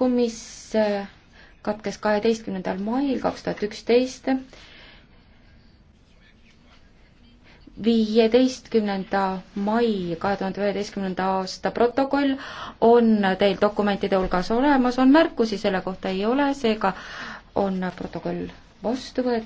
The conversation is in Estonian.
mis äh, katkes kaheteistkümnendal mail kaks tuhat üksteist. viieteistkümnenda mai kahe tuhande üheteistkümnenda aasta protokoll on teil dokumentide hulgas olemas, on märkusi selle kohta ei ole, seega on protokoll vastu võetud.